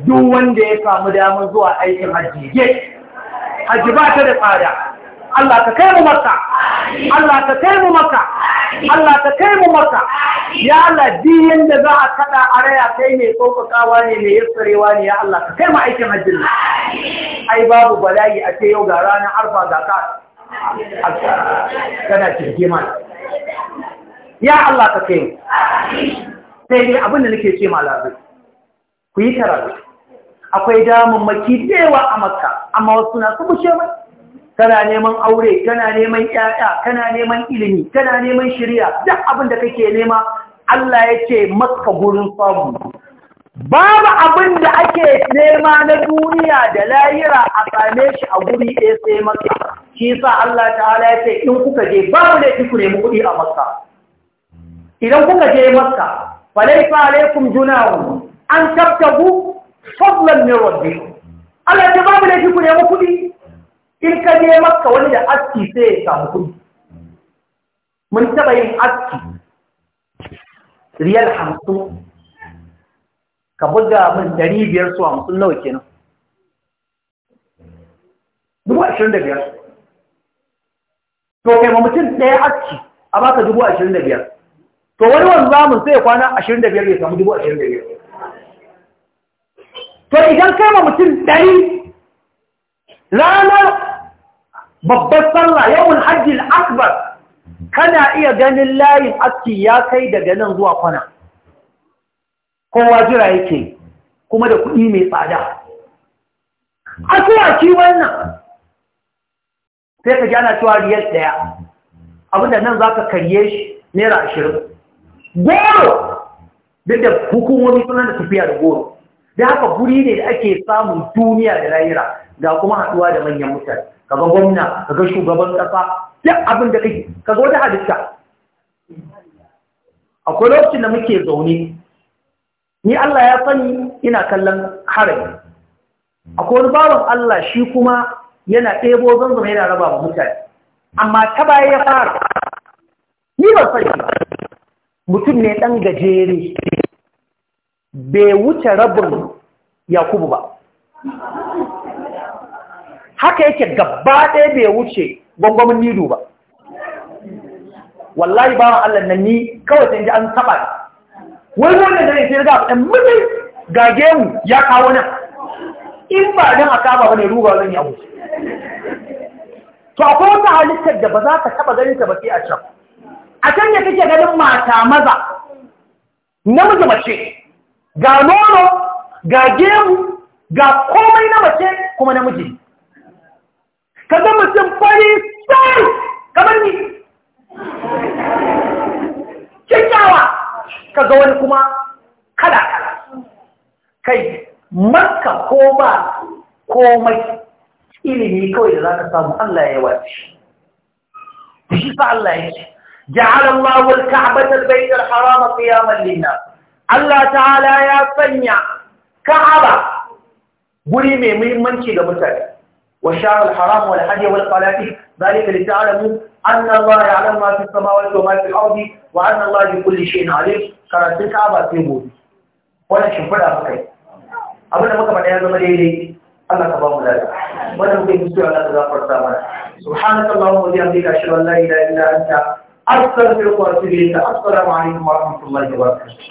duk wanda ya samu damar zuwa aikin hajji hajji ba ta da tsada Allah ka kai mu maka, Allah ka kai mu maka, Allah ka kai mu maka, ya Allah diyin da za a kada a raya kai ne kawa ne mai yassarewa ne ya Allah ka kai mu aikin hajjin ai babu bala'i a ce yau ga ranar arfa ga ka kana kirge ma. ya Allah ka kai mu sai dai abin da nake ce malabai ku yi karatu akwai damun maki da yawa a makka amma wasu na su bushe mai kana neman aure kana neman ƴaƴa kana neman ilimi kana neman shirya, duk abin da kake nema Allah ya ce maka gurin samu babu abin da ake nema na duniya da lahira a same shi a guri ɗaya sai maka shi sa Allah ta'ala ya ce in kuka je babu da ku nemi kuɗi a makka idan kuka je makka falaifa juna junahu an tabtagu fadlan min rabbikum Allah ya ce babu da ku nemi kuɗi in ka je maka wani da aski sai ya samu kudi mun taba yin aski riyal hamsin ka buga min dari biyar su hamsin nawa kenan dubu ashirin da biyar to kai ma mutum ɗaya aski a baka dubu ashirin da biyar to wani wani zamun sai kwana ashirin da biyar ya samu dubu ashirin da biyar to idan kai ma mutum ɗari ranar babbar sallah yawon hajjil akbar kana iya ganin layin aski ya kai daga nan zuwa kwana kowa jira yake kuma da kuɗi mai tsada asuwaci wannan sai ka jana cewa riyar ɗaya abinda nan za ka karye shi naira ashirin goro duk da hukumomi suna da tafiya da goro da haka guri ne da ake samun duniya da rayuwa ga kuma haɗuwa da manyan mutane kaga gwamna kaga shugaban ƙasa duk abin da kake kaga wata hadisa akwai lokacin da muke zaune ni Allah ya sani ina kallon harami akwai wani bawan Allah shi kuma yana ɗebo zanzama yana raba wa mutane amma ta baya ya fara ni ban sani mutum ne ɗan gajere bai wuce rabin yakubu ba haka yake gaba ɗaya bai wuce gwangwamin nido ba wallahi ba Allah nan ni kawai sai ji an taɓa wani wannan da yake ga ɗan mutum gage mu ya kawo nan in ba don a kaba wani ruba zan yi abu to akwai wata halittar da ba za ka taɓa ganin ta ba sai a can a can ne kake ganin mata maza namiji mace ga nono ga gemu ga komai na mace kuma na miji ka ga mutum fari sai kamar ni kyakkyawa ka ga wani kuma kada kala kai marka ko ba komai ilimi kawai da za ka samu Allah ya wace shi sa Allah ya ce ja'ala Allahu al-ka'bata al-bayt al-harama qiyaman lin Allah ta'ala ya sanya Ka'aba guri mai muhimmanci ga mutane والشعر الحرام والهدي والقلائد ذلك لتعلموا أن الله يعلم ما في السماوات وما في الأرض وأن الله بكل شيء عليم karatun Ka'aba sai gobe wannan shimfiɗa muka yi abin da muka faɗa ya zama daidai Allah ka ba mu lafiya wannan muka yi musu Allah ka zafarta mana subhanaka allahumma wa bihamdika ashhadu an la ilaha illa anta astaghfiruka wa atubu ilayk assalamu alaikum wa
rahmatullahi wa barakatuh